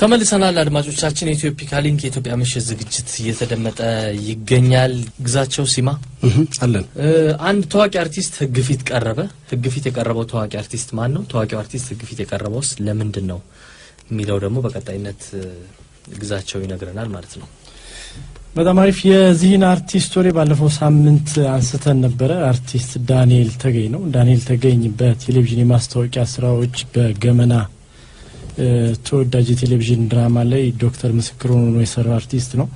ተመልሰናል አድማጮቻችን። የኢትዮፒካ ሊንክ የኢትዮጵያ ምሽት ዝግጅት እየተደመጠ ይገኛል። ግዛቸው ሲማ አለን። አንድ ታዋቂ አርቲስት ህግ ፊት ቀረበ። ህግ ፊት የቀረበው ታዋቂ አርቲስት ማን ነው? ታዋቂው አርቲስት ህግ ፊት የቀረበውስ ለምንድን ነው የሚለው ደግሞ በቀጣይነት ግዛቸው ይነግረናል ማለት ነው። በጣም አሪፍ። የዚህን አርቲስት ወሬ ባለፈው ሳምንት አንስተን ነበረ። አርቲስት ዳንኤል ተገኝ ነው። ዳንኤል ተገኝ በቴሌቪዥን የማስታወቂያ ስራዎች በገመና ተወዳጅ የቴሌቪዥን ድራማ ላይ ዶክተር ምስክር ሆኖ የሰራው አርቲስት ነው።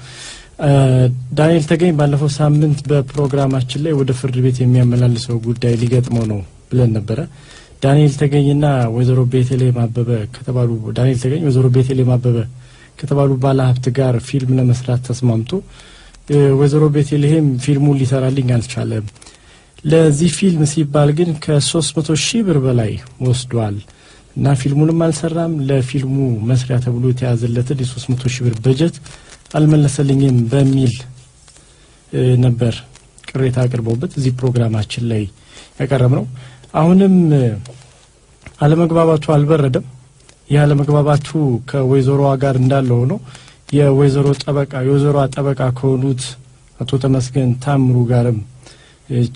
ዳንኤል ተገኝ ባለፈው ሳምንት በፕሮግራማችን ላይ ወደ ፍርድ ቤት የሚያመላልሰው ጉዳይ ሊገጥመው ነው ብለን ነበረ። ዳንኤል ተገኝና ወይዘሮ ቤቴሌ ማበበ ከተባሉ ዳንኤል ተገኝ ወይዘሮ ቤቴሌ ማበበ ከተባሉ ባለሀብት ጋር ፊልም ለመስራት ተስማምቶ ወይዘሮ ቤቴልሄም ፊልሙን ሊሰራልኝ አልቻለም። ለዚህ ፊልም ሲባል ግን ከሶስት መቶ ሺህ ብር በላይ ወስዷል እና ፊልሙንም አልሰራም። ለፊልሙ መስሪያ ተብሎ የተያዘለትን የሶስት መቶ ሺህ ብር በጀት አልመለሰልኝም በሚል ነበር ቅሬታ አቅርበውበት እዚህ ፕሮግራማችን ላይ ያቀረብ ነው። አሁንም አለመግባባቱ አልበረደም። ያለመግባባቱ ከወይዘሮዋ ጋር እንዳለ ሆኖ የወይዘሮ ጠበቃ የወይዘሮዋ ጠበቃ ከሆኑት አቶ ተመስገን ታምሩ ጋርም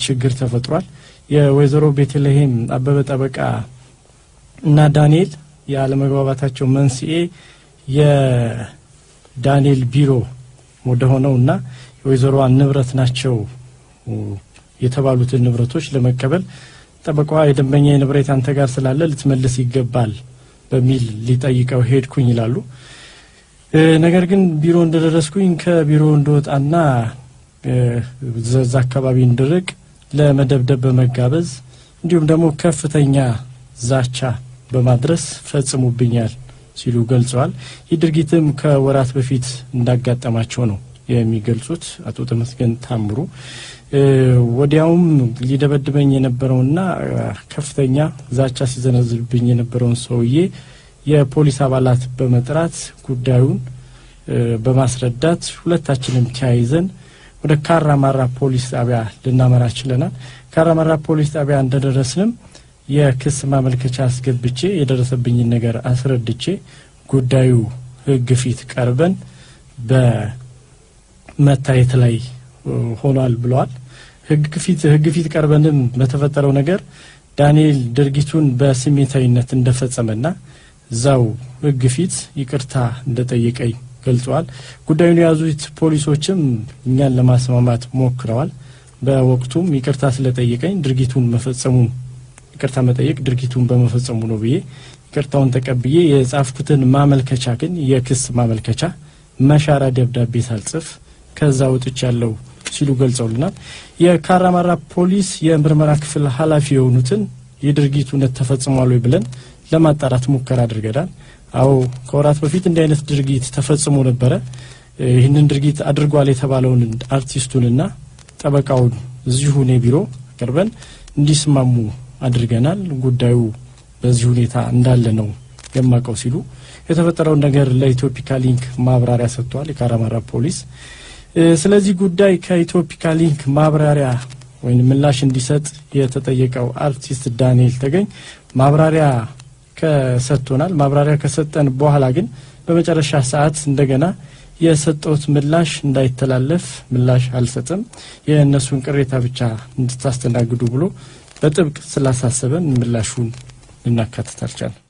ችግር ተፈጥሯል። የወይዘሮ ቤተልሔም አበበ ጠበቃ እና ዳንኤል ያለመግባባታቸው መንስኤ የዳንኤል ቢሮ ወደሆነው እና የወይዘሮዋ ንብረት ናቸው የተባሉትን ንብረቶች ለመቀበል ጠበቃዋ የደንበኛ ንብረት አንተ ጋር ስላለ ልትመልስ ይገባል በሚል ሊጠይቀው ሄድኩኝ ይላሉ። ነገር ግን ቢሮ እንደደረስኩኝ ከቢሮ እንደወጣና ዘዛ አካባቢ እንድርቅ ለመደብደብ በመጋበዝ እንዲሁም ደግሞ ከፍተኛ ዛቻ በማድረስ ፈጽሙብኛል ሲሉ ገልጸዋል። ይህ ድርጊትም ከወራት በፊት እንዳጋጠማቸው ነው የሚገልጹት አቶ ተመስገን ታምሩ ወዲያውም ሊደበድበኝ የነበረውና ከፍተኛ ዛቻ ሲዘነዝብብኝ የነበረውን ሰውዬ የፖሊስ አባላት በመጥራት ጉዳዩን በማስረዳት ሁለታችንም ተያይዘን ወደ ካራማራ ፖሊስ ጣቢያ ልናመራ ችለናል። ካራማራ ፖሊስ ጣቢያ እንደደረስንም የክስ ማመልከቻ አስገብቼ የደረሰብኝን ነገር አስረድቼ ጉዳዩ ሕግ ፊት ቀርበን መታየት ላይ ሆኗል ብለዋል። ህግ ፊት ህግ ፊት ቀርበንም በተፈጠረው ነገር ዳንኤል ድርጊቱን በስሜታዊነት እንደፈጸመና እዛው ህግ ፊት ይቅርታ እንደጠየቀኝ ገልጸዋል። ጉዳዩን የያዙት ፖሊሶችም እኛን ለማስማማት ሞክረዋል። በወቅቱም ይቅርታ ስለጠየቀኝ ድርጊቱን መፈጸሙ ይቅርታ መጠየቅ ድርጊቱን በመፈጸሙ ነው ብዬ ይቅርታውን ተቀብዬ የጻፍኩትን ማመልከቻ ግን የክስ ማመልከቻ መሻራ ደብዳቤ ሳልጽፍ ከዛ ወጥች ያለው ሲሉ ገልጸውልናል። የካራማራ ፖሊስ የምርመራ ክፍል ኃላፊ የሆኑትን የድርጊቱ እውነት ተፈጽሟል ወይ ብለን ለማጣራት ሙከራ አድርገናል። አዎ ከወራት በፊት እንዲህ አይነት ድርጊት ተፈጽሞ ነበረ። ይህንን ድርጊት አድርጓል የተባለውን አርቲስቱንና ጠበቃውን እዚሁ እኔ ቢሮ አቅርበን እንዲስማሙ አድርገናል። ጉዳዩ በዚህ ሁኔታ እንዳለ ነው የማውቀው ሲሉ የተፈጠረውን ነገር ለኢትዮፒካ ሊንክ ማብራሪያ ሰጥቷል የካራማራ ፖሊስ። ስለዚህ ጉዳይ ከኢትዮፒካ ሊንክ ማብራሪያ ወይም ምላሽ እንዲሰጥ የተጠየቀው አርቲስት ዳንኤል ተገኝ ማብራሪያ ከሰጥቶናል። ማብራሪያ ከሰጠን በኋላ ግን በመጨረሻ ሰዓት እንደገና የሰጠውት ምላሽ እንዳይተላለፍ ምላሽ አልሰጥም፣ የእነሱን ቅሬታ ብቻ እንድታስተናግዱ ብሎ በጥብቅ ስላሳሰበን ምላሹን ልናካትት